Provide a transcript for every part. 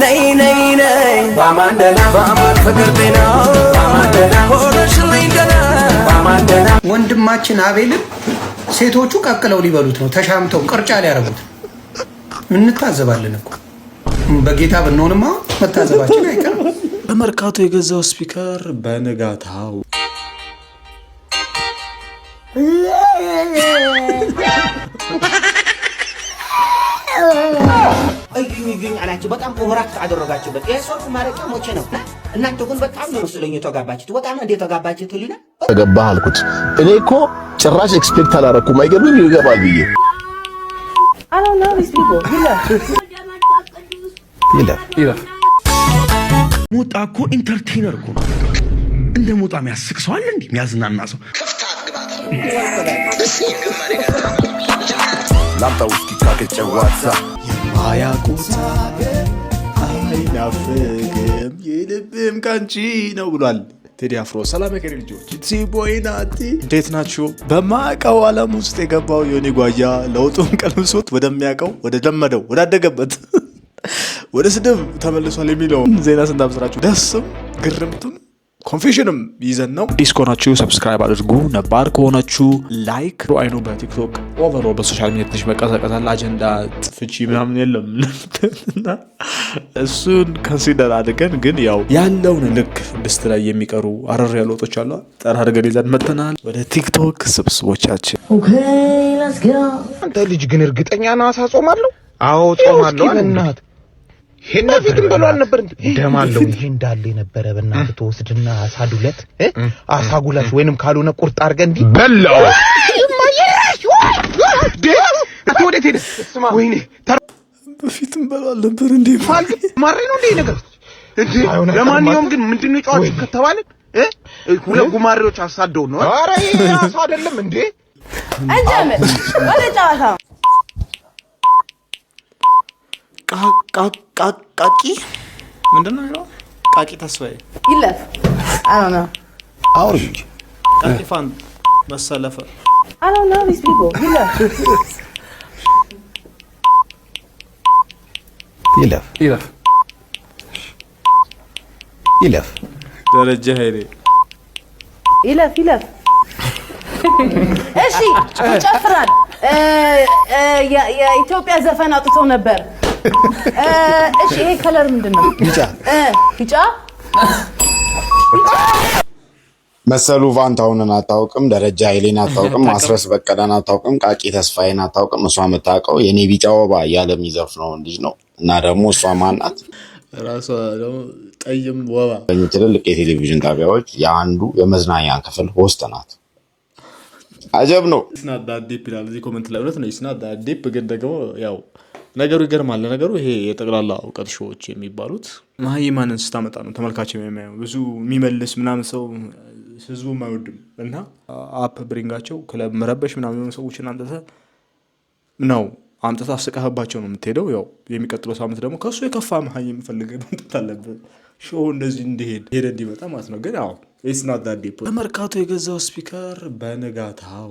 ነይ ነይ ነይ ወንድማችን አቤልን ሴቶቹ ቀቅለው ሊበሉት ነው፣ ተሻምተው ቅርጫ ሊያረጉት እንታዘባለን እኮ በጌታ ብንሆንማ መታዘባችን አይቀርም። በመርካቶ የገዛው ስፒከር በንጋታው እዩኝ እዩኝ አላቸው። በጣም ኦቨራክት አደረጋችሁበት። ይህ ማረቂያ ሞቼ ነው። እናንተ ግን በጣም ነው የተጋባችሁት። በጣም ሊና አልኩት። እኔ እኮ ጭራሽ ኤክስፔክት አላረኩም። አይገርምም? ይገባል ብዬ ሞጣ እኮ ኢንተርቴነር እኮ ነው። እንደ ሞጣ የሚያስቅ ሰው አለ የሚያዝናና ሰው ላምጣ ውስኪ ካገጨ ዋዛ አያቁታም አይናፍቅም የልብም ከንቺ ነው ብሏል ቴዲ አፍሮ። ሰላም የከሪ ልጆች ቲቦይናቲ እንዴት ናችሁ? በማዕቀው ዓለም ውስጥ የገባው ዮኒ ጓያ ለውጡን ቀልብሶት ወደሚያውቀው ወደ ለመደው ወዳደገበት ወደ ስድብ ተመልሷል የሚለውን ዜና ስናብስራችሁ ደስም ግርምቱን ኮንፊውዥንም ይዘን ነው። አዲስ ከሆናችሁ ሰብስክራይብ አድርጉ። ነባር ከሆናችሁ ላይክ አይኑ በቲክቶክ ኦቨሮ በሶሻል ሚዲያ ትንሽ መቀሳቀሳል። አጀንዳ ጥፍቺ ምናምን የለም እና እሱን ከንሲደር አድርገን ግን ያው ያለውን ልክ ድስት ላይ የሚቀሩ አረር ያሉ ወጦች አሉ ጠራ አድርገን ይዘን መተናል። ወደ ቲክቶክ ስብስቦቻችን አንተ ልጅ ግን እርግጠኛ ነው አሳጾም አለው። አዎ ጾም አለው እናት ፊትም ብሎ አልነበር አለው ይሄ እንዳለ የነበረ በእናትህ ትወስድና አሳዱለት አሳጉለት፣ ወይንም ካልሆነ ቁርጥ አድርገህ እንዲህ በላው። በፊትም እንዴ ማሬ ነው እንዴ ነገር እንዴ። ለማንኛውም ግን ምንድን ነው ጨዋታው ሁለት ጉማሬዎች አሳደው ነው። ይሄ አሳ አይደለም እንዴ እንጀምር ወደ ጨዋታው ቃቂ ምንድን ነው የሚለው? ቃቂ ተስፋዬ ይለፍ አውርድ። ቃቂፋን መሰለፈ ይለፍ ይለፍ ይለፍ ደረጀ ኃይሌ ይለፍ ይለፍ። እሺ ይጨፍራል። የኢትዮጵያ ዘፈን አውጥተው ነበር። እሺ፣ ይሄ ከለር ምንድን ነው? ቢጫ ቢጫ መሰሉ ቫንታውንን አታውቅም። ደረጃ ኃይሌን አታውቅም። ማስረስ በቀለን አታውቅም። ቃቂ ተስፋዬን አታውቅም። እሷ የምታውቀው የኔ ቢጫ ወባ እያለ የሚዘፍነው ልጅ ነው። እና ደግሞ እሷ ማናት? ራሷ ደግሞ ጠይም ወባ። ትልልቅ የቴሌቪዥን ጣቢያዎች የአንዱ የመዝናኛን ክፍል ሆስት ናት። አጀብ ነው። ስናዳ ዲፕ ይላል እዚህ ኮመንት ላይ እውነት ነው። ስናዳ ዲፕ ግን ደግሞ ያው ነገሩ ይገርማል። ነገሩ ይሄ የጠቅላላ እውቀት ሾዎች የሚባሉት መሀይማንን ስታመጣ ነው ተመልካች የሚያየው። ብዙ የሚመልስ ምናምን ሰው ህዝቡም አይወድም እና አፕ ብሪንጋቸው ክለብ መረበሽ ምናምን የሆኑ ሰዎችን አንጥተ ነው አምጥታ አስቀህባቸው ነው የምትሄደው። ያው የሚቀጥለው ሳምንት ደግሞ ከእሱ የከፋ መሀይም ፈልገህ መምጣት አለብህ። ሾው እንደዚህ እንዲሄድ ሄደ እንዲመጣ ማለት ነው። ግን ያው ስናዳ በመርካቶ የገዛው ስፒከር በንጋታው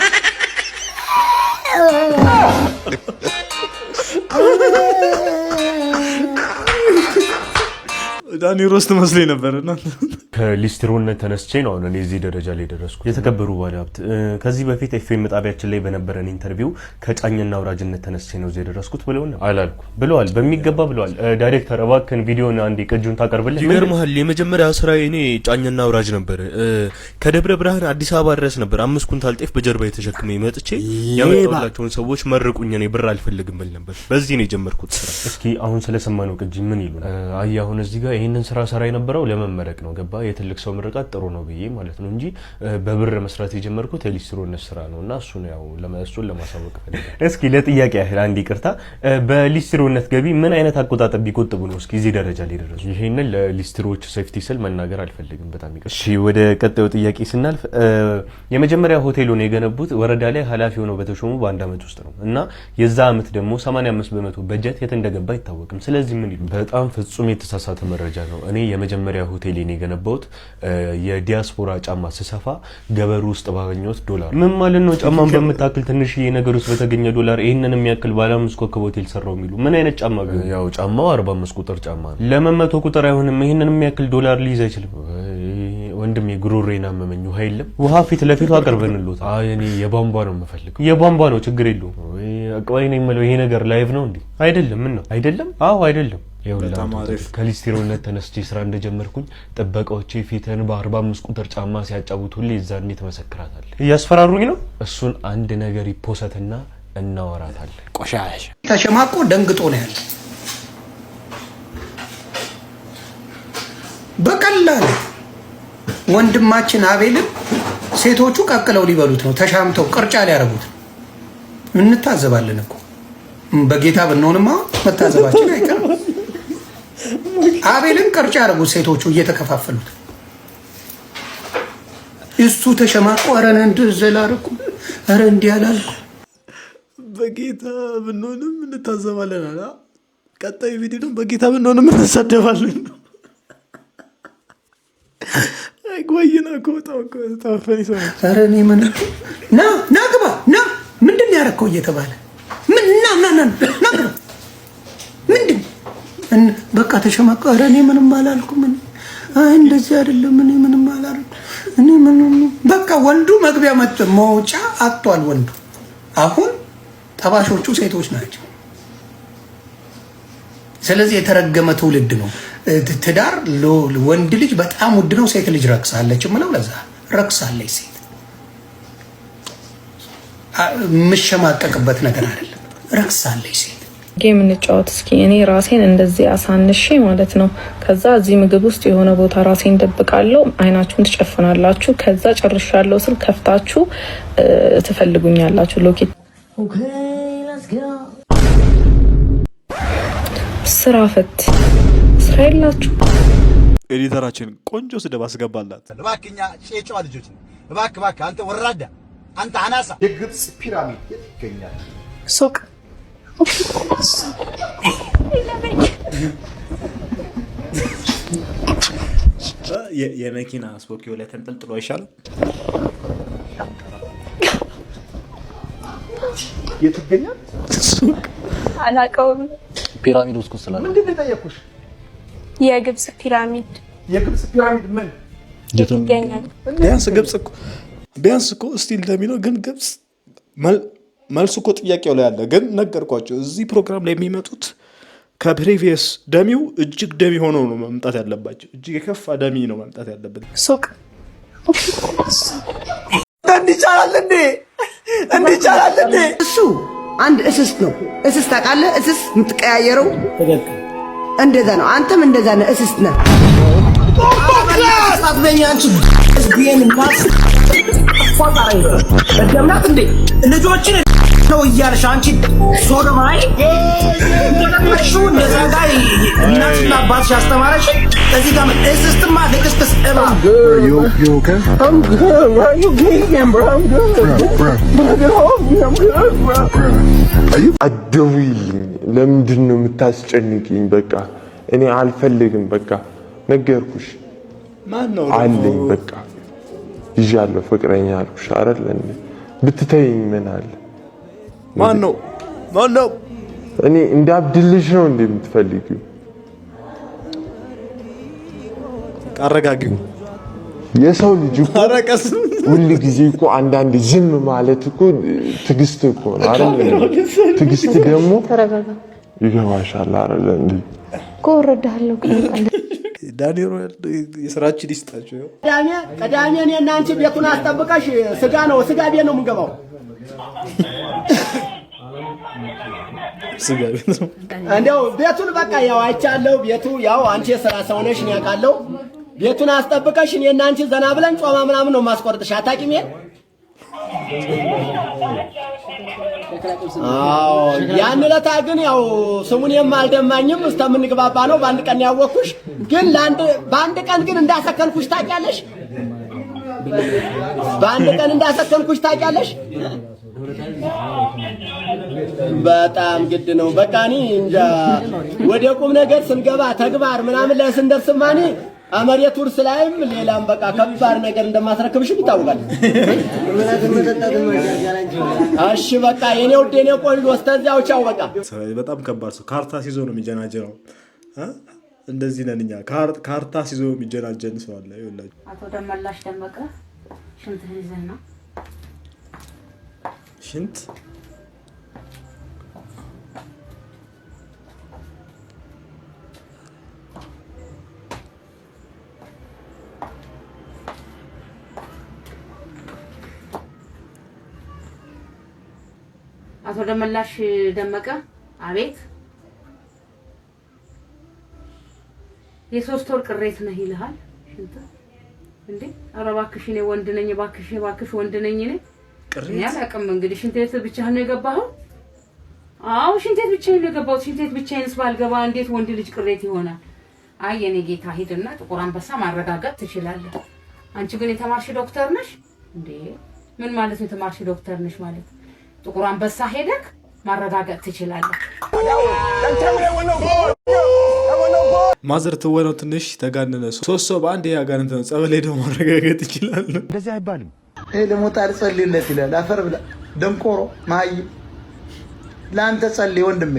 ዳኒ ሮስ ትመስለኝ ነበር። ከሊስትሮነት ተነስቼ ነው አሁን እኔ እዚህ ደረጃ ላይ ደረስኩ። የተከበሩ ባለሀብት፣ ከዚህ በፊት ኤፍኤም ጣቢያችን ላይ በነበረን ኢንተርቪው ከጫኝና አውራጅነት ተነስቼ ነው እዚህ የደረስኩት ብለው አላልኩ ብለዋል። በሚገባ ብለዋል። ዳይሬክተር እባክህን ቪዲዮን አንዴ ቅጁን ታቀርብልህ። ይገርምሃል፣ የመጀመሪያ ስራ እኔ ጫኝና አውራጅ ነበር። ከደብረ ብርሃን አዲስ አበባ ድረስ ነበር አምስት ኩንታል ጤፍ በጀርባ የተሸክመ መጥቼ ያመጣላቸውን ሰዎች መርቁኝ፣ እኔ ብር አልፈልግም ብል ነበር። በዚህ ነው የጀመርኩት ስራ። እስኪ አሁን ስለሰማነው ቅጅ ምን ይሉ አያ አሁን እዚህ ጋር ይሄን ይህንን ስራ ሰራ የነበረው ለመመረቅ ነው። ገባ የትልቅ ሰው ምርቃት ጥሩ ነው ብዬ ማለት ነው እንጂ በብር መስራት የጀመርኩት የሊስትሮነት ስራ ነው እና እሱን ያው እሱን ለማሳወቅ ፈልጋለሁ። እስኪ ለጥያቄ ያህል አንድ ይቅርታ፣ በሊስትሮነት ገቢ ምን አይነት አቆጣጠር ቢቆጥቡ ነው እስኪ እዚህ ደረጃ ሊደረሱ? ይህንን ለሊስትሮች ሴፍቲ ስል መናገር አልፈልግም። በጣም ይቅር። እሺ ወደ ቀጣዩ ጥያቄ ስናልፍ የመጀመሪያ ሆቴሉን የገነቡት ወረዳ ላይ ኃላፊ ሆነው በተሾሙ በአንድ አመት ውስጥ ነው እና የዛ አመት ደግሞ 85 በመቶ በጀት የት እንደገባ አይታወቅም። ስለዚህ ምን ይሉ በጣም ፍጹም የተሳሳተ መረጃ ነው። እኔ የመጀመሪያ ሆቴሌን የገነባሁት የዲያስፖራ ጫማ ስሰፋ ገበሩ ውስጥ ባገኘሁት ዶላር። ምን ማለት ነው? ጫማን በምታክል ትንሽዬ ነገር ውስጥ በተገኘ ዶላር ይህንን የሚያክል ባለ አምስት ኮከብ ሆቴል ሰራው የሚሉ ምን አይነት ጫማ? ያው ጫማው አርባ አምስት ቁጥር ጫማ ነው። ለምን መቶ ቁጥር አይሆንም? ይህንን የሚያክል ዶላር ሊይዝ አይችልም። ወንድም የጉሮሬን አመመኝ። ውሃ የለም? ውሃ ፊት ለፊቱ አቅርበንሎት። እኔ የቧንቧ ነው የምፈልገው። የቧንቧ ነው ችግር የለውም። አቅባይ ነው የምለው። ይሄ ነገር ላይቭ ነው እንዴ? አይደለም። ምን ነው አይደለም? አዎ አይደለም። ከሊስትሮነት ተነስቼ ስራ እንደጀመርኩኝ ጥበቃዎቼ ፊትህን በአርባ አምስት ቁጥር ጫማ ሲያጫውት ሁሌ የዛኔ ትመሰክራታለህ። እያስፈራሩኝ ነው። እሱን አንድ ነገር ይፖሰትና እናወራታለን። ቆሻሽ ተሸማቆ ደንግጦ ነው ያለ። በቀላል ወንድማችን አቤልን ሴቶቹ ቀቅለው ሊበሉት ነው። ተሻምተው ቅርጫ ሊያረጉት ነው። እንታዘባለን እኮ በጌታ ብንሆንማ መታዘባችን አይቀርም። አቤልን ቅርጭ አደረጉት ሴቶቹ እየተከፋፈሉት። እሱ ተሸማቆ ኧረ እንደዚያ አላደረኩም፣ ኧረ እንዲህ አላልኩም። በጌታ ብንሆንም እንታዘባለን አ ቀጣዩ ቪዲዮ በጌታ ብንሆንም እንሳደባለን ነው። አይጓይና ኮጣፈኒ ምን ና ናግባ ና ምንድን ያደረግከው እየተባለ ምን ና ና ና በቃ ተሸማቀረ። እኔ ምንም አላልኩም። አይ እንደዚህ አይደለም። እኔ ምንም አላልኩም። እኔ ምንም በቃ ወንዱ መግቢያ መጥ መውጫ አጥቷል። ወንዱ አሁን ጠባሾቹ ሴቶች ናቸው። ስለዚህ የተረገመ ትውልድ ነው። ትዳር ወንድ ልጅ በጣም ውድ ነው። ሴት ልጅ ረክሳለች ምለው ለዛ ረክሳለች። ሴት የምሸማቀቅበት ነገር አይደለም። ረክሳለች ሴት ጌም እንጫወት እስኪ እኔ ራሴን እንደዚህ አሳንሼ ማለት ነው። ከዛ እዚህ ምግብ ውስጥ የሆነ ቦታ ራሴን ደብቃለሁ፣ አይናችሁን ትጨፍናላችሁ። ከዛ ጨርሻለሁ ስል ከፍታችሁ ትፈልጉኛላችሁ። ሎኬት ስራ ፈት ስራ የላችሁ። ኤዲተራችን ቆንጆ ስደብ አስገባላት። እባክኛ ጨዋ ልጆች እባክ፣ እባክ አንተ ወራዳ፣ አንተ አናሳ። የግብፅ ፒራሚድ የት ይገኛል ሱቅ የመኪና ስፖኪዮ ላይ ተንጠልጥሎ አይሻልም? የት ይገኛል? አላውቀውም። ፒራሚድ ውስጥ ስላለ ምንድን ነው የጠየኩሽ? የግብፅ ፒራሚድ የግብፅ ፒራሚድ ምን ቢያንስ ግብፅ እኮ ቢያንስ እኮ ስቲል እንደሚለው ግን ግብፅ መልሱ እኮ ጥያቄው ላይ አለ። ግን ነገርኳቸው እዚህ ፕሮግራም ላይ የሚመጡት ከፕሪቪየስ ደሚው እጅግ ደሚ ሆኖ ነው መምጣት ያለባቸው። እጅግ የከፋ ደሚ ነው መምጣት ያለበት። ሱቅ እንዲቻላል እንዴ እንዲቻላል እንዴ እሱ አንድ እስስት ነው። እስስት ታውቃለህ? እስስ የምትቀያየረው እንደዛ ነው። አንተም እንደዛ ነህ፣ እስስት ነህ። ልጆችን ነው እያልሽ አንቺ ሶዶማይ እንደለመሹ እንደዛ ጋር እናትና አባትሽ ያስተማረሽ እዚህ ጋር እስስትማ ልቅስቅስ እባ አትደውይልኝ። ለምንድን ነው የምታስጨንቅኝ? በቃ እኔ አልፈልግም። በቃ ነገርኩሽ አለኝ። በቃ ይዣለሁ ፍቅረኛ አልኩሽ አይደል? ብትተይኝ ምን አለ ማን ነው ማን ነው? እኔ እንዳብድልሽ ነው እንዴ የምትፈልጊው? አረጋጊው የሰው ልጅ እኮ አረቀስ ሁሉ ጊዜ እኮ አንዳንድ ዝም ማለት እኮ ትግስት እኮ ነው አይደል? ትዕግስት ደግሞ ይገባሻል አይደል? እንዴ እኮ እረዳለሁ። ዳንኤል የስራችን ይስጣቸው። ቅዳሜ እኔ እና አንቺ ቤቱን አስጠብቀሽ ስጋ ነው ስጋ ቤት ነው የምንገባው እንደው ቤቱን በቃ ያው አይቻለሁ። ቤቱ ያው አንቺ የሥራ ሰው ነሽ፣ እኔ አውቃለሁ። ቤቱን አስጠብቀሽ እኔ እና አንቺ ዘና ብለን ጮማ ምናምን ነው የማስቆርጥሽ። አታቂም? አዎ ያን ዕለታ ግን ያው ስሙን የማልደማኝም እስከምንግባባ ነው። በአንድ ቀን ያወቅኩሽ ግን በአንድ ቀን ግን እንዳሰከንኩሽ ታውቂያለሽ። በአንድ ቀን እንዳሰከንኩሽ ታውቂያለሽ። በጣም ግድ ነው። በቃ እኔ እንጃ ወደ ቁም ነገር ስንገባ ተግባር ምናምን ላይ ስንደርስማ እኔ አመሬት ውርስ ላይም ሌላም በቃ ከባድ ነገር እንደማስረክብሽም ይታወቃል። እሺ በቃ የኔ ውድ የኔ ቆንጆ እስከዚያው ቻው። በቃ በጣም ከባድ ሰው ካርታ ሲዞ ነው የሚጀናጀነው። እንደዚህ ነን እኛ። ካርታ ሲዞ የሚጀናጀን ሰው አለ። አቶ ደመላሽ ደመቀ ሽንት ይዘህ ሽንት አቶ ደመላሽ ደመቀ አቤት የሶስት ወር ቅሬት ነህ ይልሃል። ሽንት እንዴ! ኧረ እባክሽ እኔ ወንድ ነኝ፣ እባክሽ እባክሽ ወንድ ነኝ ነኝ ቅሬት አላውቅም። እንግዲህ ሽንት ቤት ብቻህን ነው የገባኸው? አዎ ሽንት ቤት ብቻዬን ነው የገባሁት። ሽንት ቤት ብቻዬንስ ባልገባ እንዴት ወንድ ልጅ ቅሬት ይሆናል? አይ የኔ ጌታ ሂድና ጥቁር አንበሳ ማረጋገጥ ትችላለህ። አንቺ ግን የተማርሽ ዶክተር ነሽ እንዴ? ምን ማለት ነው የተማርሽ ዶክተር ነሽ ማለት? ጥቁር አንበሳ ሄደክ ማረጋገጥ ትችላለህ። ማዘር ትወነው ትንሽ ተጋነነ። ሶስት ሰው በአንድ ጸበል ሄደው ማረጋገጥ እንደዚህ አይባልም። ይሄ ለሞት አልጸልይለት ይላል። አፈር ብላ ደንቆሮ ማይ ለአንተ ጸልይ ወንድሜ።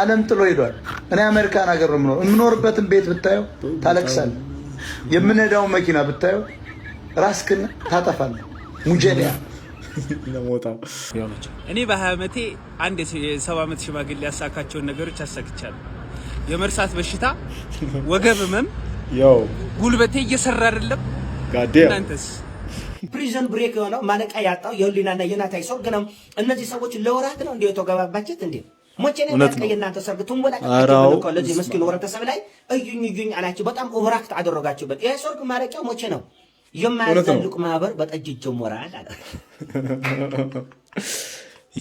ዓለም ጥሎ ሄዷል። እኔ አሜሪካን ሀገር ነው የምኖርበትን ቤት ብታየው ታለቅሳለህ። የምነዳው መኪና ብታየው ራስክን ታጠፋለ ሙጀሊያ እኔ በሀያ ዓመቴ አንድ የሰባ ዓመት ሽማግሌ ያሳካቸውን ነገሮች አሳክቻለሁ። የመርሳት በሽታ፣ ወገብ ህመም፣ ጉልበቴ እየሰራ አይደለም። እናንተስ? ፕሪዘን ብሬክ የሆነው ማለቃ ያጣው የህሊናና የናታይ ሰርግ ነው። እነዚህ ሰዎች ለወራት ነው እንዲ የተገባባችት እንዲ ሞቼ ነው የእናንተ ሰርግ ትንቦላችሁ። ለዚህ ምስኪን ህብረተሰብ ላይ እዩኝ እዩኝ አላችሁ። በጣም ኦቨራክት አደረጋችሁበት። ይሄ ሰርግ ማለቂያው ሞቼ ነው። የማያዛልቅ ማህበር በጠጅ ይጀምራል አለ።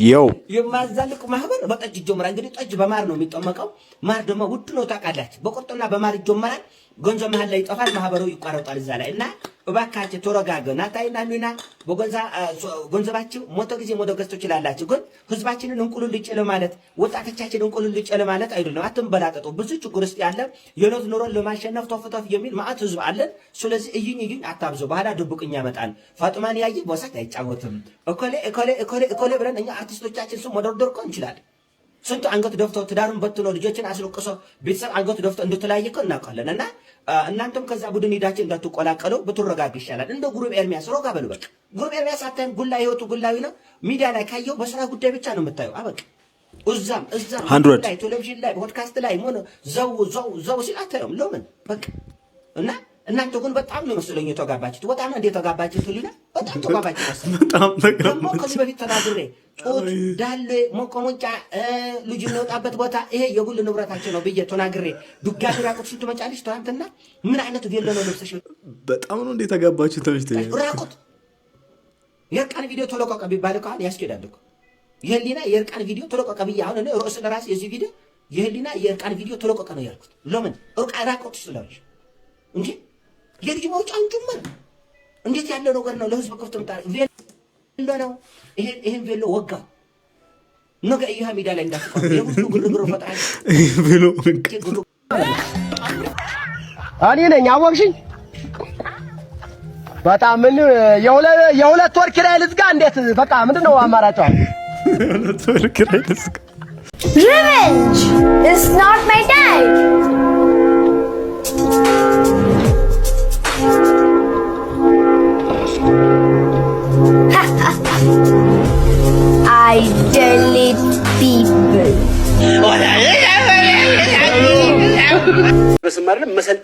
የው የማያዛልቅ ማህበር በጠጅ ይጀምራል። እንግዲህ ጠጅ በማር ነው የሚጠመቀው። ማር ደግሞ ውድ ነው ታውቃላችሁ። በቁርጥና በማር ይጀምራል። ገንዘብ መሀል ላይ ይጠፋል። ማህበሩ ይቋረጣል። እዛ ላይ እና እባካችሁ ተረጋገና ታይናኑና በገንዘባችሁ ሞተ ጊዜ ሞተ ገዝቶ ይችላላችሁ። ግን ህዝባችንን እንቁልልጭ ለማለት ወጣቶቻችንን እንቁልልጭ ለማለት አይደለም። አትንበላጠጡ። ብዙ ችግር ውስጥ ያለ የኖት ኑሮን ለማሸነፍ ቶፍቶፍ የሚል ማአት ህዝብ አለን። ስለዚህ እዩኝ እዩኝ አታብዙ። በኋላ ድብቅኛ ያመጣል። ፋጡማን ያየ በሳት አይጫወትም። እኮሌ እኮሌ እኮሌ እኮሌ ብለን እኛ አርቲስቶቻችን ስም መደርደር እኮ እንችላለን። ስንቱ አንገት ደፍቶ ትዳሩን በትኖ ልጆችን አስለቅሶ ቤተሰብ አንገት ደፍቶ እንደተለያየ እኮ እናውቃለን እና እናንተም ከዛ ቡድን ሄዳችሁ እንዳትቆላቀለው ብትረጋጉ ይሻላል። እንደ ጉሩብ ኤርሚያስ ሮጋ በሉ በቃ። ጉሩብ ኤርሚያስ አታይም። ጉላ ህይወቱ ጉላዊ ነው። ሚዲያ ላይ ካየው በስራ ጉዳይ ብቻ ነው የምታየው። አበቃ። እዛም እዛም ላይ ቴሌቪዥን ላይ ፖድካስት ላይ ሆነ ዘው ዘው ዘው ሲል አታየውም። ለምን በቃ እና እናንተ ግን በጣም ነው መስለኝ የተጋባችሁት። በጣም እንደ ተጋባችሁት ሊላ በጣም ተጋባችሁት። በጣም ደግሞ ከዚህ በፊት ተናግሬ ጡት ዳለ ሞቆሙጫ ልጅ የሚወጣበት ቦታ ይሄ የጉል ንብረታችን ነው ብዬ ተናግሬ ዱጋሚ ራቁት ሽቱ መጫልሽ ትናንትና ምን አይነት ቪዲዮ ነው ልብስሽ? በጣም ነው እንደ የተጋባችሁት ተብሽ ራቁት የእርቃን ቪዲዮ ተለቀቀ ቢባል ከሆን ያስኬዳል እኮ የህሊና የእርቃን ቪዲዮ ተለቀቀ ብዬ አሁን ርዕስ ለራስ የዚህ ቪዲዮ የህሊና የእርቃን ቪዲዮ ተለቀቀ ነው ያልኩት። ለምን እርቃን ራቁት ስለሆነ እንዴ የልጅ መውጫ አንጁማ እንዴት ያለ ነገር ነው? ለህዝብ ክፍት ምታረ ቬሎ ነው። ይሄን ቬሎ ወጋ ነገ እያ ሜዳ ላይ እንዳትቀ የሁሉ ግርግር ፈጣሪ ቬሎ እኔ ነኝ። አወቅሽኝ በጣም ምን የሁለት ወር ኪራይ ልዝጋ። እንዴት በቃ ምንድን ነው አማራጫ የሁለት ወር ኪራይ ልዝጋ ሪቨንጅ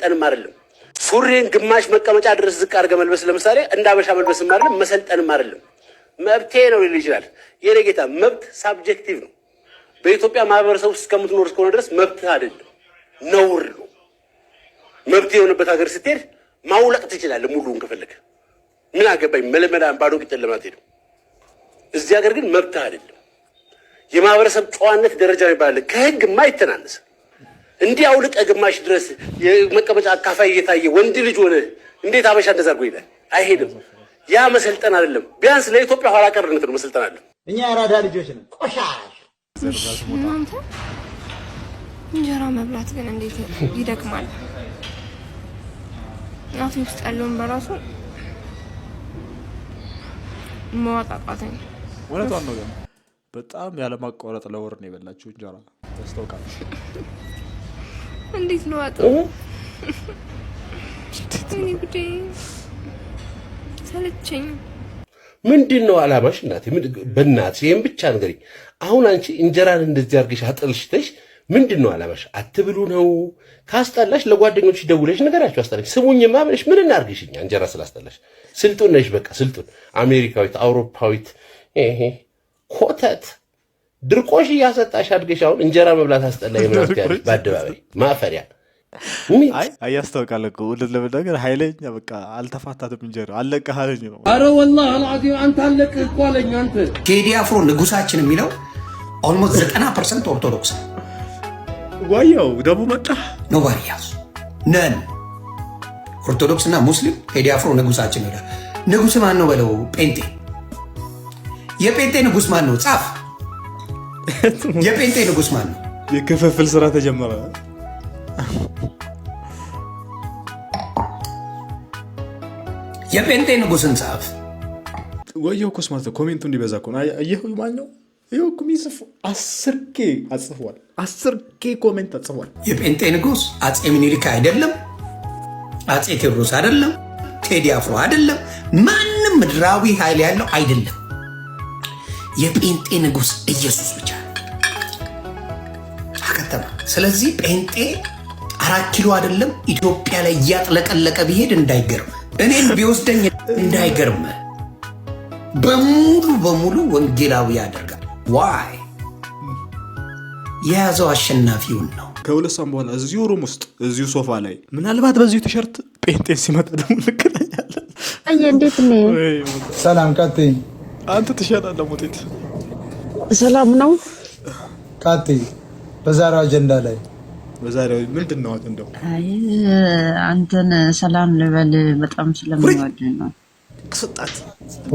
መሰልጠንም አይደለም። ሱሪን ግማሽ መቀመጫ ድረስ ዝቅ አድርገ መልበስ ለምሳሌ እንደ አበሻ መልበስም አይደለም፣ መሰልጠንም አይደለም። መብቴ ነው ሊል ይችላል። የኔ ጌታ መብት ሳብጀክቲቭ ነው። በኢትዮጵያ ማህበረሰብ ውስጥ እስከምትኖር እስከሆነ ድረስ መብት አይደለም፣ ነውር ነው። መብት የሆነበት ሀገር ስትሄድ ማውለቅ ትችላለህ ሙሉውን ከፈለግ። ምን አገባኝ መለመዳ ባዶ ቂጥን ለማት ሄደው። እዚህ ሀገር ግን መብት አይደለም። የማህበረሰብ ጨዋነት ደረጃ ይባላል ከህግ ማይተናነስ እንዲህ አውልቀ ግማሽ ድረስ የመቀመጫ አካፋይ እየታየ ወንድ ልጅ ሆነ እንዴት አበሻ እንደዛ አድርጎ ይላል? አይሄድም። ያ መሰልጠን አይደለም። ቢያንስ ለኢትዮጵያ ኋላ ቀርነት ነው መሰልጠን አለ። እኛ የአራዳ ልጆች ነን። ቆሻሽ እንጀራ መብላት ግን እንዴት ይደክማል። እናቴ ውስጥ ያለውን በራሱ መዋጥ አቃተኝ። ነው። በጣም ያለማቋረጥ ለወር ነው የበላችሁ እንጀራ ያስታውቃል። እንዴት ነው አጣው? እኔ ጉዴ ሰለቸኝ። ምንድን ነው አላማሽ? እናቴ በእናትሽ ይሄን ብቻ ንገሪኝ። አሁን አንቺ እንጀራን እንደዚህ አድርገሽ አጥልሽተሽ ምንድን ነው አላማሽ? አትብሉ ነው? ካስጠላሽ ለጓደኞች ደውለሽ ነገራችሁ። አስጠላሽ ስሙኝማ ብለሽ ምን እናድርግሽኛ? እንጀራ ስላስጠላሽ ስልጡን ነሽ። በቃ ስልጡን አሜሪካዊት፣ አውሮፓዊት፣ ኮተት ድርቆሽ እያሰጣሽ አድገሽ አሁን እንጀራ መብላት አስጠላ የምናት በአደባባይ ማፈሪያ አያስታውቃል እኮ እውነት ለመናገር ኃይለኛ በቃ አልተፋታትም። እንጀራ አለቀ አለኝ ነው። አረ ወላሂ አልዓዚም አንተ አለቅ እኮ አለኝ። አንተ ቴዲ አፍሮ ንጉሳችን የሚለው ኦልሞስት ዘጠና ፐርሰንት ኦርቶዶክስ ጓያው ደቡ መጣ ነው ባያሱ ነን ኦርቶዶክስ እና ሙስሊም ቴዲ አፍሮ ንጉሳችን ይላል። ንጉስ ማን ነው በለው ጴንጤ። የጴንጤ ንጉስ ማን ነው ጻፍ የጴንጤ ንጉስ ማን ነው? የክፍፍል ስራ ተጀመረ። የጴንጤ ንጉስን ጻፍ። ወየው እኮ ስማርት ኮሜንቱ እንዲበዛ እኮ ነው። አየኸው ማነው? ይኸው እኮ የሚጽፉ አስር ኬ አጽፏል። አስር ኬ ኮሜንት አጽፏል። የጴንጤ ንጉስ አጼ ምኒልክ አይደለም፣ አጼ ቴዎድሮስ አይደለም፣ ቴዲ አፍሮ አይደለም፣ ማንም ምድራዊ ኃይል ያለው አይደለም። የጴንጤ ንጉሥ ኢየሱስ ብቻ አከተማ። ስለዚህ ጴንጤ አራት ኪሎ አይደለም ኢትዮጵያ ላይ እያጥለቀለቀ ቢሄድ እንዳይገርም፣ እኔን ቢወስደኝ እንዳይገርም። በሙሉ በሙሉ ወንጌላዊ ያደርጋል። ዋይ የያዘው አሸናፊውን ነው። ከሁለት ሳም በኋላ እዚሁ ሩም ውስጥ እዚሁ ሶፋ ላይ ምናልባት በዚሁ ቲሸርት ጴንጤ ሲመጣ ደግሞ ልክለኛለን። እንዴት ነው ሰላም ቀጥይ አንተ ትሻላለህ። ሙጤት ሰላም ነው ቃጤ። በዛሬው አጀንዳ ላይ በዛሬው ምንድን ነው አጀንዳው? አይ አንተን ሰላም ልበል በጣም ስለምንወድ ነው። ስጣት።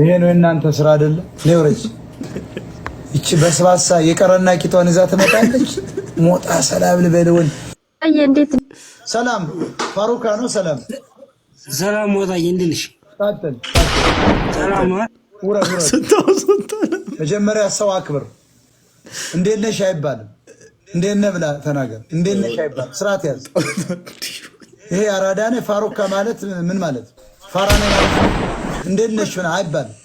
ይሄ ነው እናንተ ስራ አይደለ? ነው ወረጅ እቺ በስባሳ የቀረና ቂቷን እዛ ትመጣለች። ሞጣ ሰላም ልበልውን አየ እንዴት ሰላም ፋሩካ ነው። ሰላም ሰላም ሞጣ እንዴት ነሽ? ሰላም መጀመሪያ ሰው አክብር። እንዴት ነሽ አይባልም። እንዴት ነህ ብላ ተናገር። እንዴት ነሽ አይባልም። ስርዓት ያዝ። ይሄ አራዳነ ፋሮካ ማለት ምን ማለት ፋራነ ማለት እንዴት ነሽ ብላ አይባልም።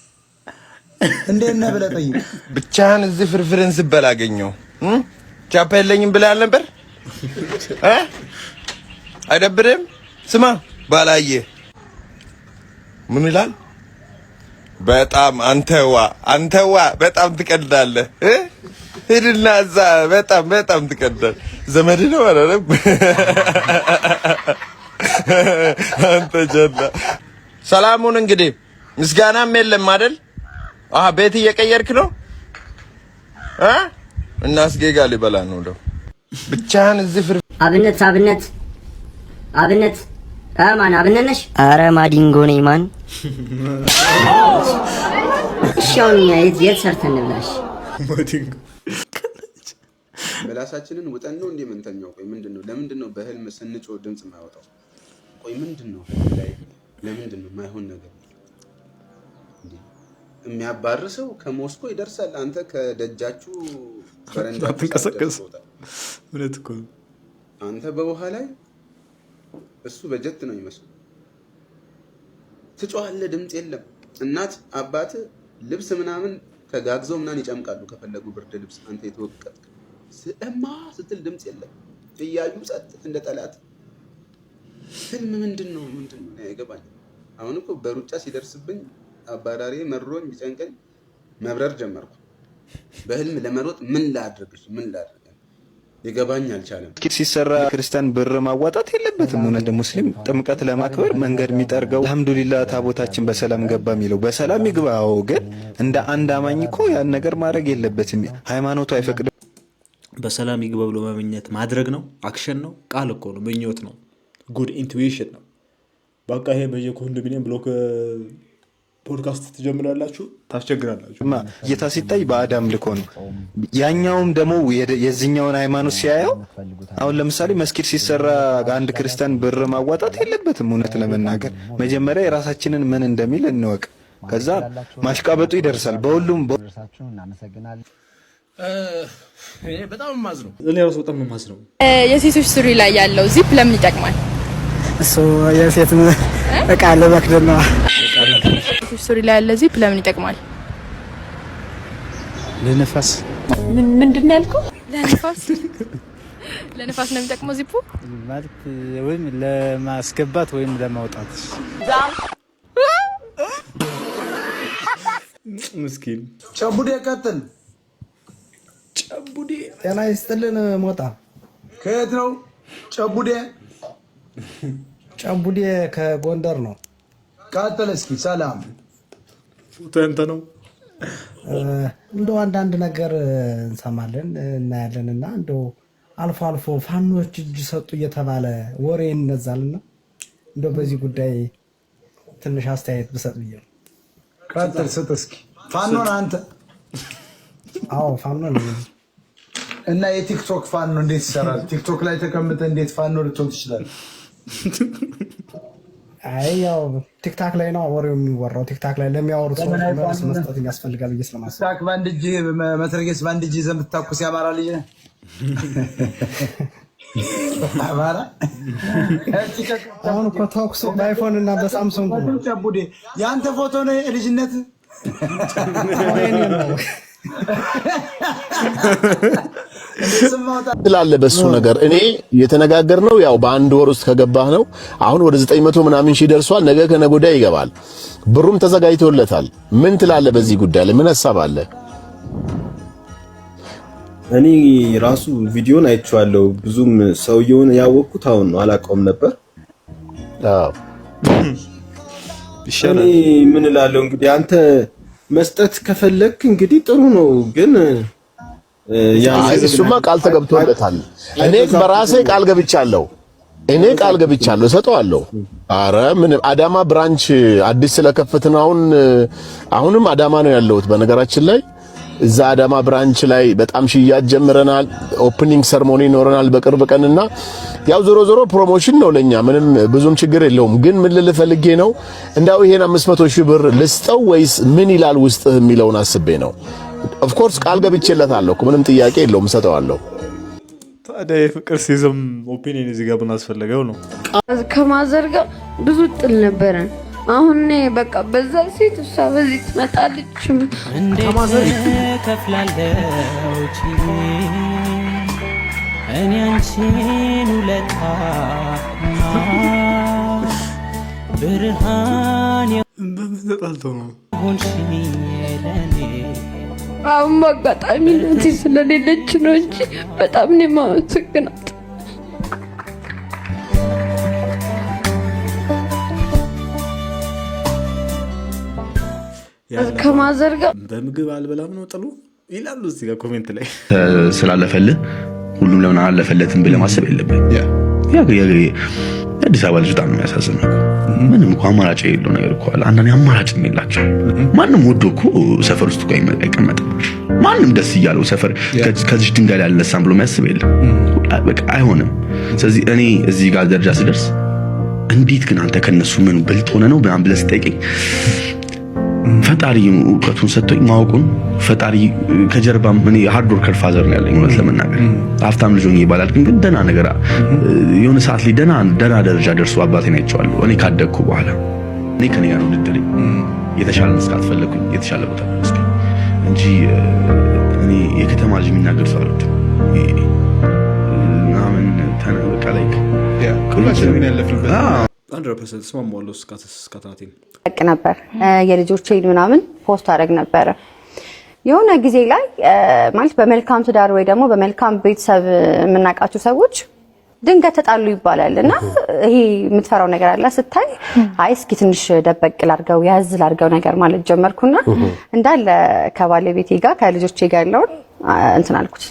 እንዴት ነህ ብለህ ጠይቅ። ብቻህን እዚህ ፍርፍርን ስበላ አገኘው? ቻፓ የለኝም ብለህ ነበር። አይደብርም? ስማ ባላየ ምን ይላል በጣም አንተዋ አንተዋ በጣም ትቀልዳለህ። ሂድና እዛ በጣም በጣም ትቀልዳለህ። ዘመድ ነው አላለ አንተ ጀላ ሰላሙን እንግዲህ ምስጋናም የለም አይደል? አሃ ቤት እየቀየርክ ነው እ እናስጌጋ ሊበላ ነው ብቻህን እዚህ ፍር አብነት አብነት አብነት ማን አብነት አረ ማዲንጎ ነኝ። ማን እሻውን የት የት ሰርተን ብላሽ ማዲንጎ በላሳችንን ውጠን ነው እንዴ ቆይ ምንድን ነው ለምንድን ነው በህልም ድምፅ የማይወጣው? ቆይ ምንድን ነው ለምንድን ነው የማይሆን ነገር የሚያባርሰው? ከሞስኮ ይደርሳል። አንተ ከደጃችሁ በረንዳ ትንቀሳቀስ። እውነት እኮ አንተ በውሃ ላይ እሱ በጀት ነው የሚመስሉ ትጮሃለ፣ ድምፅ የለም። እናት አባት ልብስ ምናምን ተጋግዘው ምናምን ይጨምቃሉ ከፈለጉ ብርድ ልብስ፣ አንተ የተወቀጥክ እማ ስትል ድምፅ የለም። እያዩ ጸጥ እንደ ጠላት። ህልም ምንድን ነው ምንድን ነው አይገባኝ። አሁን እኮ በሩጫ ሲደርስብኝ አባራሪ መሮኝ ቢጨንቀኝ መብረር ጀመርኩ። በህልም ለመሮጥ ምን ላድርግ ምን ላድርግ ይገባኝ አልቻለም። እስኪ ሲሰራ ክርስቲያን ብር ማዋጣት የለበትም። እውነት ሙስሊም ጥምቀት ለማክበር መንገድ የሚጠርገው አልሐምዱሊላ ታቦታችን በሰላም ገባ የሚለው በሰላም ይግባው፣ ግን እንደ አንድ አማኝ እኮ ያን ነገር ማድረግ የለበትም። ሃይማኖቱ አይፈቅድም። በሰላም ይግባ ብሎ መመኘት ማድረግ ነው፣ አክሽን ነው፣ ቃል እኮ ነው፣ ምኞት ነው፣ ጉድ ኢንቱዊሽን ነው። በቃ ይሄ በየኮንዶሚኒየም ብሎክ ፖድካስት ትጀምራላችሁ፣ ታስቸግራላችሁ እና ጌታ ሲታይ በአዳም ልኮ ነው። ያኛውም ደግሞ የዚኛውን ሃይማኖት ሲያየው አሁን ለምሳሌ መስጊድ ሲሰራ አንድ ክርስቲያን ብር ማዋጣት የለበትም። እውነት ለመናገር መጀመሪያ የራሳችንን ምን እንደሚል እንወቅ፣ ከዛ ማሽቃበጡ ይደርሳል። በሁሉም በጣም ማዝ ነው። እኔ ራሱ በጣም ማዝ ነው። የሴቶች ሱሪ ላይ ያለው ዚፕ ለምን ይጠቅማል? እቃ ለመክደን ነው። ስቶሪ ላይ ያለ ዚፕ ለምን ይጠቅማል? ለነፋስ። ምንድን ያልኩ? ያልከው? ለነፋስ ለነፋስ ነው የሚጠቅመው ዚፑ ማለት ወይም ለማስገባት ወይም ለማውጣት። ምስኪን ጨቡዴ ቀጥል። ጨቡዴ ጤና ይስጥልን። ሞጣ ከየት ነው ጨቡዴ? ጫምቡሌ ከጎንደር ነው። ቀጥል እስኪ። ሰላም ተንተ ነው። እንደው አንዳንድ ነገር እንሰማለን እናያለን እና እንደው አልፎ አልፎ ፋኖች እጅ ሰጡ እየተባለ ወሬ ይነዛልና እንደው በዚህ ጉዳይ ትንሽ አስተያየት ብሰጥ ብዬ ነው። ቀጥል ስጥ እስኪ። ፋኖን አንተ? አዎ ፋኖ ነው። እና የቲክቶክ ፋኖ እንዴት ይሰራል? ቲክቶክ ላይ ተቀምጠ እንዴት ፋኖ ልትሆን ትችላለህ? አይ ያው ቲክታክ ላይ ነው ወሬው የሚወራው። ቲክታክ ላይ ለሚያወሩት ሰዎች መልስ መስጠት ያስፈልጋል ብዬ ስለማስብ ቲክታክ በአንድ እጅ መትረየስ በአንድ እጅ ይዘህ የምታኩስ የአማራ ልጅ አማራ። አሁን እኮ ተኩሱ በአይፎን እና በሳምሰንግ የአንተ ፎቶ ነው ልጅነት ነው ስላለ በሱ ነገር እኔ የተነጋገር ነው ያው በአንድ ወር ውስጥ ከገባህ ነው። አሁን ወደ 900 ምናምን ሺህ ደርሷል። ነገ ከነጎዳ ይገባል። ብሩም ተዘጋጅቶለታል። ምን ትላለ? በዚህ ጉዳይ ላይ ምን ሀሳብ አለ? እኔ ራሱ ቪዲዮን አይቼዋለሁ። ብዙም ሰውየውን ያወቅኩት አሁን ነው፣ አላውቀውም ነበር። አዎ እኔ ምን እላለሁ እንግዲህ አንተ መስጠት ከፈለክ እንግዲህ ጥሩ ነው ግን እሱማ ቃል ተገብቶለታል። እኔ በራሴ ቃል ገብቻለሁ። እኔ ቃል ገብቻለሁ፣ እሰጠዋለሁ። አረ ምን አዳማ ብራንች አዲስ ስለከፈትን አሁን አሁንም አዳማ ነው ያለሁት። በነገራችን ላይ እዛ አዳማ ብራንች ላይ በጣም ሽያጭ ጀምረናል። ኦፕኒንግ ሰርሞኒ ይኖረናል በቅርብ ቀንና ያው ዞሮ ዞሮ ፕሮሞሽን ነው ለኛ ምንም ብዙም ችግር የለውም። ግን ምን ልልህ ፈልጌ ነው እንዳው ይሄን 500 ሺህ ብር ልስጠው ወይስ ምን ይላል ውስጥህ የሚለውን አስቤ ነው ኦፍ ኮርስ ቃል ገብቼለታለሁ። ምንም ጥያቄ የለውም፣ ሰጠዋለሁ። ታዲያ የፍቅር ሲዝም ኦፒኒየን እዚህ ጋር ምን አስፈለገው ነው? ከማዘር ጋር ብዙ ጥል ነበረን። አሁን በቃ በዛ ሴት እሷ በዚህ ትመጣለች። እኔ አንቺን ውለታ ብርሃን በምን ተጣልተው ነው አሁን አጋጣሚ እናቴ ስለሌለች ነው እንጂ በጣም ነው የማመሰግናት። ከማዘር ጋር በምግብ አልበላም ነው ጥሉ ይላሉ እዚህ ጋር ኮሜንት ላይ ስላለፈልህ ሁሉም ለምን አላለፈለትም ብለህ ማሰብ የለብህም። የአዲስ አበባ ልጅ በጣም የሚያሳዝን ምንም እኮ አማራጭ የሌለው ነገር እኮ አለ። አንዳንዴ አማራጭ የላቸው። ማንም ወዶ እኮ ሰፈር ውስጥ እኮ አይቀመጥም። ማንም ደስ እያለው ሰፈር ከዚህ ድንጋይ ላይ አልነሳም ብሎ የሚያስብ የለም። በቃ አይሆንም። ስለዚህ እኔ እዚህ ጋር ደረጃ ስደርስ እንዴት ግን አንተ ከነሱ ምን ብልጥ ሆነ ነው ብለህ ስጠይቀኝ ፈጣሪ እውቀቱን ሰጥቶኝ ማወቁን ፈጣሪ ከጀርባም እኔ ሃርድ ወርከር ፋዘር ነው ያለኝ። እውነት ለመናገር ሀብታም ልጅ ሆኜ ይባላል፣ ግን ግን ደህና ነገር የሆነ ሰዓት ላይ ደህና ደህና ደረጃ ደርሶ አባቴን አይቼዋለሁ። እኔ ካደግኩ በኋላ እኔ ከኔ ጋር ውድድር የተሻለ መስካት ፈለግኩኝ፣ የተሻለ ቦታ መስራት እንጂ እኔ የከተማ ልጅ የሚናገር ሰው አልወድም ምናምን ተነቀ ላይ ሁላችንም ያለፍንበት አንድ ረፐሰ ስማማለሁ እስካተናቴን ጠቅ ነበር የልጆቼን ምናምን ፖስት አደረግ ነበረ። የሆነ ጊዜ ላይ ማለት በመልካም ትዳር ወይ ደግሞ በመልካም ቤተሰብ የምናውቃቸው ሰዎች ድንገት ተጣሉ ይባላል እና ይሄ የምትፈራው ነገር አለ ስታይ፣ አይ እስኪ ትንሽ ደበቅ ላርገው ያዝ ላርገው ነገር ማለት ጀመርኩና እንዳለ ከባለቤቴ ጋር ከልጆቼ ጋር ያለውን እንትን አልኩት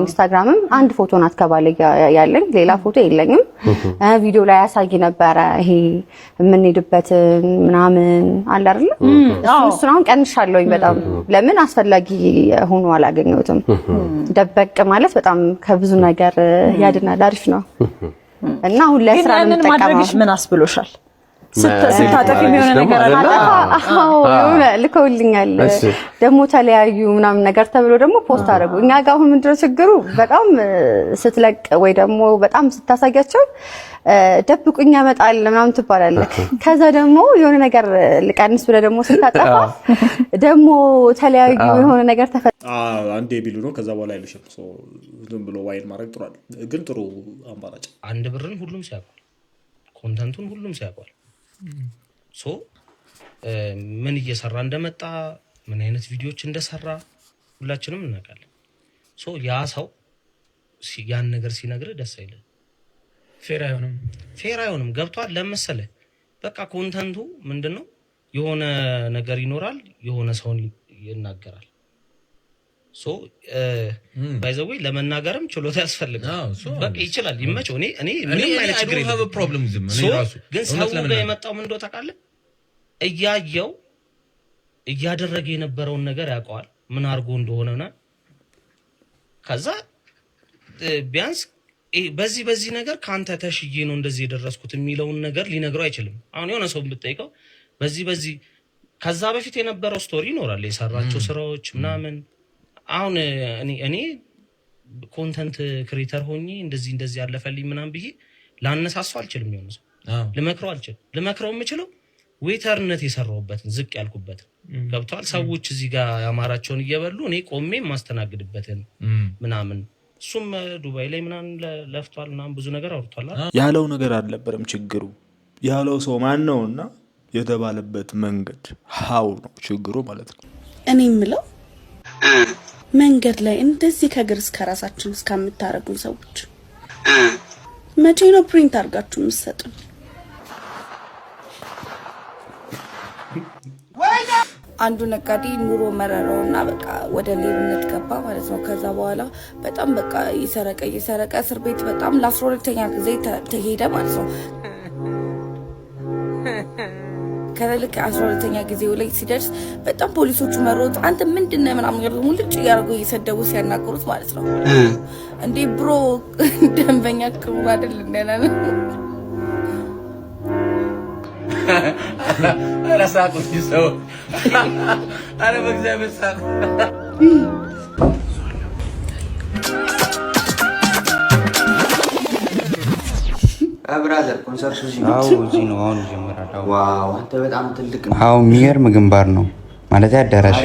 ኢንስታግራምም አንድ ፎቶ ናት ከባለ ያለኝ ሌላ ፎቶ የለኝም። ቪዲዮ ላይ ያሳይ ነበረ ይሄ የምንሄድበትን ምናምን አለ አይደለ? እሱን አሁን ቀንሻለሁኝ በጣም ለምን አስፈላጊ ሆኖ አላገኘሁትም። ደበቅ ማለት በጣም ከብዙ ነገር ያድናል። አሪፍ ነው እና አሁን ላይ ስራ ምን ማድረግሽ ምን አስብሎሻል? ስታጠፍ የሚሆነ ነገር አለ። ልከውልኛል ደግሞ ተለያዩ ምናምን ነገር ተብሎ ደግሞ ፖስት አደረጉ። እኛ ጋር አሁን ምንድነው ችግሩ? በጣም ስትለቅ ወይ ደግሞ በጣም ስታሳያቸው ደብቁኝ ያመጣል ምናምን ትባላለህ። ከዛ ደግሞ የሆነ ነገር ልቀንስ ብለህ ደግሞ ስታጠፋ ደግሞ ተለያዩ የሆነ ነገር ተፈ አንዴ ቢሉ ነው። ከዛ በኋላ አይሉሽም። ዝም ብሎ ዋይል ማድረግ ጥሩ አይደል፣ ግን ጥሩ አማራጭ አንድ ብርን ሁሉም ሲያውቋል፣ ኮንተንቱን ሁሉም ሲያውቋል። ሶ ምን እየሰራ እንደመጣ ምን አይነት ቪዲዮዎች እንደሰራ ሁላችንም እናውቃለን። ሶ ያ ሰው ያን ነገር ሲነግር ደስ አይለ። ፌር አይሆንም፣ ፌር አይሆንም። ገብቷል ለመሰለ በቃ ኮንተንቱ ምንድን ነው? የሆነ ነገር ይኖራል፣ የሆነ ሰውን ይናገራል። ባይዘዌ ለመናገርም ችሎታ ያስፈልጋል። ይችላል፣ ይመቸው። እኔ ምንም አይነት ችግር ግን ሰው ጋር የመጣው ምንዶ ታውቃለህ፣ እያየው እያደረገ የነበረውን ነገር ያውቀዋል፣ ምን አድርጎ እንደሆነ ከዛ ቢያንስ በዚህ በዚህ ነገር ከአንተ ተሽዬ ነው እንደዚህ የደረስኩት የሚለውን ነገር ሊነግረው አይችልም። አሁን የሆነ ሰው ብትጠይቀው በዚህ በዚህ ከዛ በፊት የነበረው ስቶሪ ይኖራል፣ የሰራቸው ስራዎች ምናምን አሁን እኔ ኮንተንት ክሬተር ሆኜ እንደዚህ እንደዚህ ያለፈልኝ ምናምን ብዬ ላነሳሳው አልችልም። የሆነ ሰው ልመክረው አልችልም። ልመክረው የምችለው ዌተርነት የሰራሁበትን ዝቅ ያልኩበትን ገብተዋል። ሰዎች እዚህ ጋር ያማራቸውን እየበሉ እኔ ቆሜ የማስተናግድበትን ምናምን እሱም ዱባይ ላይ ምናምን ለፍቷል ምናምን ብዙ ነገር አውርቷል። ያለው ነገር አልነበረም ችግሩ ያለው ሰው ማን ነው እና የተባለበት መንገድ ሀው ነው ችግሩ ማለት ነው እኔ የምለው መንገድ ላይ እንደዚህ ከእግር እስከ ራሳችን እስከምታረጉን ሰዎች መቼ ነው ፕሪንት አድርጋችሁ የምትሰጡን? አንዱ ነጋዴ ኑሮ መረረው እና በቃ ወደ ሌብነት ገባ ማለት ነው። ከዛ በኋላ በጣም በቃ እየሰረቀ እየሰረቀ እስር ቤት በጣም ለአስራ ሁለተኛ ጊዜ ተሄደ ማለት ነው። ከልክ አስራ ሁለተኛ ጊዜው ላይ ሲደርስ በጣም ፖሊሶቹ መሮጥ፣ አንተ ምንድን ነህ ምናምን ነገር ደግሞ ልጭ እያደረጉ እየሰደቡ ሲያናገሩት ማለት ነው። እንዴ ብሮ ደንበኛ ክቡር አይደል እንደናለ ረሳቁ ሰው አረ በእግዚአብሔር ሳቁ ብራዘር ነው አዎ የሚገርም ግንባር ነው ማለት አዳራሽ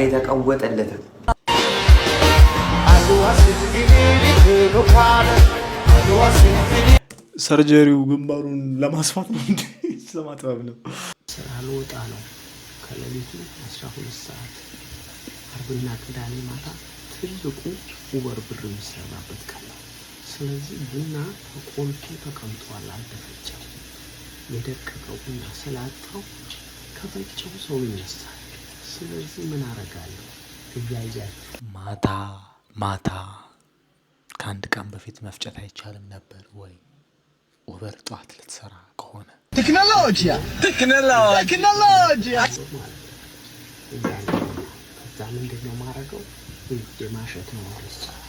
ሰርጀሪው ግንባሩን ለማስፋት ነው እንዴ? ለማጥበብ ነው። ስራ ልወጣ ነው። ከሌሊቱ 12 ሰዓት አርብና ቅዳሜ ማታ ትልቁ ውበር ብር የሚሰራበት ቀን ስለዚህ ቡና ተቆልቶ ተቀምጧል፣ አልተፈጨም። የደቀቀው ቡና ስላጣው ከፈጨው ሰው ይነሳል። ስለዚህ ምን አረጋለሁ? እያያችሁ ማታ ማታ ከአንድ ቀን በፊት መፍጨት አይቻልም ነበር ወይ? ወበር ጠዋት ልትሰራ ከሆነ ቴክኖሎጂ ቴክኖሎጂ እዛ ምንድን ነው የማረገው? የማሸት ነው ማለት ነው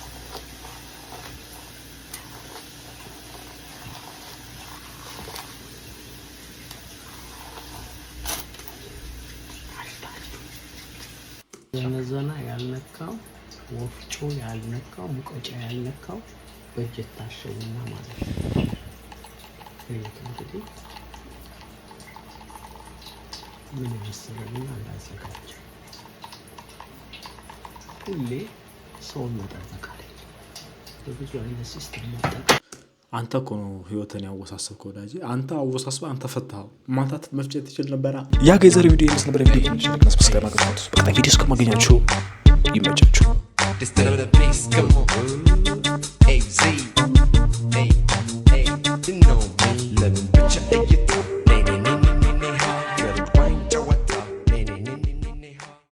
ዘነዘና ያልነካው ወፍጮ ያልነካው ሙቀጫ ያልነካው በእጅ ታሸውና ማለት ነው። እንግዲህ ምን መሰለኝ አላዘጋጀ ሁሌ ሰውን መጠበቅ አለ። በብዙ አይነት ሲስተም መጠቀም አንተ እኮ ነው ህይወትን ያወሳሰብከው ወዳጄ። አንተ አወሳስበ አንተ ፈታኸው። ማታት መፍጨት ትችል ነበረ። ያ ጋ የዛሬ ቪዲዮ ይመስል ነበር። ቪዲዮ ይመስል ቪዲዮ እስከማገኛችሁ ይመቻችሁ።